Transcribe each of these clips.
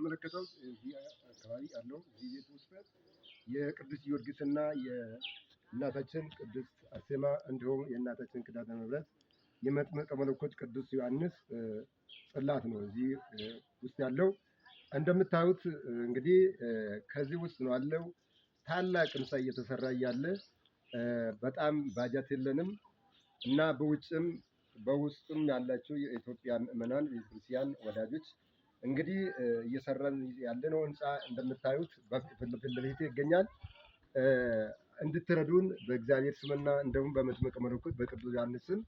የምትመለከተው እዚህ አካባቢ ያለው እዚህ ቤት ውስጥ የቅዱስ ጊዮርጊስና የእናታችን ቅድስት አርሴማ እንዲሁም የእናታችን ኪዳነ ምሕረት የመጥምቀ መለኮት ቅዱስ ዮሐንስ ጽላት ነው እዚህ ውስጥ ያለው። እንደምታዩት እንግዲህ ከዚህ ውስጥ ነው ያለው። ታላቅ ህንፃ እየተሰራ እያለ በጣም ባጃት የለንም እና በውጭም በውስጡም ያላቸው የኢትዮጵያ ምዕመናን ቤተክርስቲያን ወዳጆች እንግዲህ እየሰራን ያለነው ህንፃ እንደምታዩት ፊት ለፊት ይገኛል። እንድትረዱን በእግዚአብሔር ስምና እንደውም በመጥምቀ መለኮት በቅዱስ ዮሐንስ ስም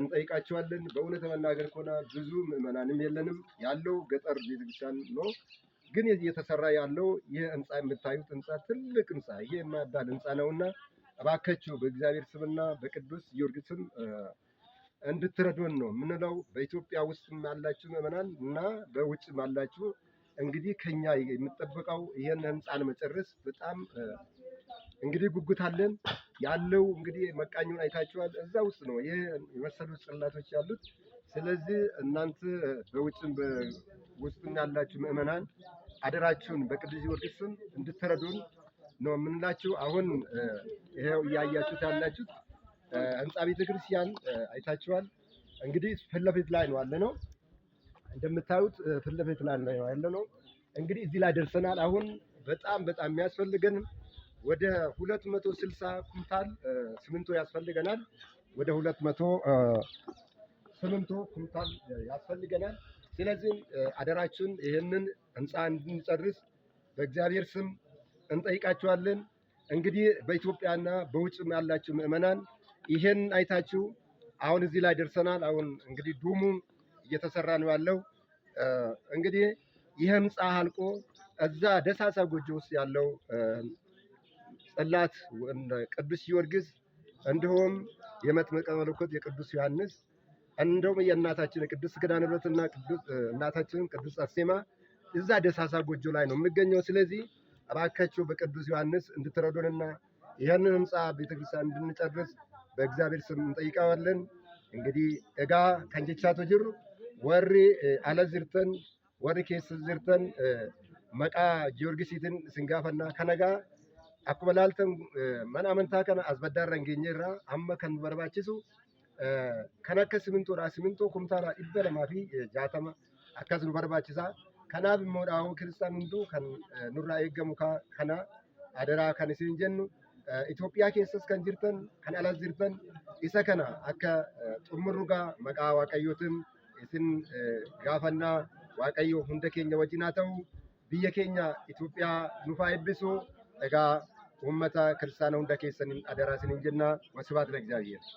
እንጠይቃቸዋለን። በእውነት መናገር ከሆነ ብዙ ምዕመናንም የለንም፣ ያለው ገጠር ቤተክርስቲያን ነው። ግን እየተሰራ ያለው ይህ ህንፃ የምታዩት ህንፃ ትልቅ ህንፃ፣ ይህ የማያዳል ህንፃ ነውና እባካችሁ በእግዚአብሔር ስምና በቅዱስ ጊዮርጊስ ስም እንድትረዱን ነው የምንለው። በኢትዮጵያ ውስጥ ያላችሁ ምዕመናን እና በውጭ አላችሁ እንግዲህ ከኛ የምጠበቀው ይሄን ህንፃ ለመጨረስ በጣም እንግዲህ ጉጉታለን ያለው እንግዲህ መቃኙን አይታችኋል። እዛ ውስጥ ነው ይህ የመሰሉ ጽላቶች ያሉት። ስለዚህ እናንተ በውጭም በውስጥም ያላችሁ ምዕመናን አደራችሁን በቅዱስ ጊዮርጊስ ስም እንድትረዱን ነው የምንላችሁ። አሁን ይሄው እያያችሁት ያላችሁት ህንፃ ቤተክርስቲያን አይታችኋል። እንግዲህ ፊት ለፊት ላይ ነው ያለ ነው እንደምታዩት ፊት ለፊት ላይ ነው ያለ ነው። እንግዲህ እዚህ ላይ ደርሰናል። አሁን በጣም በጣም የሚያስፈልገን ወደ 260 ኩንታል ሲሚንቶ ያስፈልገናል። ወደ 200 ሲሚንቶ ኩንታል ያስፈልገናል። ስለዚህ አደራችሁን ይህንን ህንፃ እንድንጨርስ በእግዚአብሔር ስም እንጠይቃችኋለን። እንግዲህ በኢትዮጵያና በውጭም ያላችሁ ምዕመናን ይሄን አይታችሁ አሁን እዚህ ላይ ደርሰናል። አሁን እንግዲህ ዱሙ እየተሰራ ነው ያለው። እንግዲህ ይህ ህንፃ አልቆ እዛ ደሳሳ ጎጆ ውስጥ ያለው ጽላት ቅዱስ ጊዮርጊስ እንዲሁም የመጥምቀ መለኮት የቅዱስ ዮሐንስ እንደውም የእናታችን የቅዱስ ኪዳነ ምሕረትና እናታችን ቅዱስ አርሴማ እዛ ደሳሳ ጎጆ ላይ ነው የሚገኘው። ስለዚህ እባካችሁ በቅዱስ ዮሐንስ እንድትረዱንና ይህንን ህንፃ ቤተክርስቲያን እንድንጨርስ በእግዚአብሔር ስም እንጠይቀዋለን። እንግዲህ እጋ ከንጀቻቶ ጅሩ ወሪ አለዝርተን ወሪ ኬስ ዝርተን መቃ ጊዮርጊሲትን ስንጋፈና ከነጋ akkuma laaltan mana amantaa kana asbaddaa irra hin geenye irraa amma kan barbaachisu kan akka simintoodha. Simintoo kumtaala dhibba lamaa fi jaatama akkas nu barbaachisa. Kanaaf immoo dhaawuu kiristaanaa hunduu kan nurraa eegamu kana adaraa kan isin jennu Itoophiyaa keessas kan jirtan, kan alas jirtan isa kana akka xumurrugaa maqaa waaqayyootiin isin gaafannaa waaqayyo hunda keenya wajjin haa ta'u biyya keenya Itoophiyaa nufaa eebbisu egaa uummata kiristaana hunda keessaniin adaraa isiniin jenna. Wasbaat ለእግዚአብሔር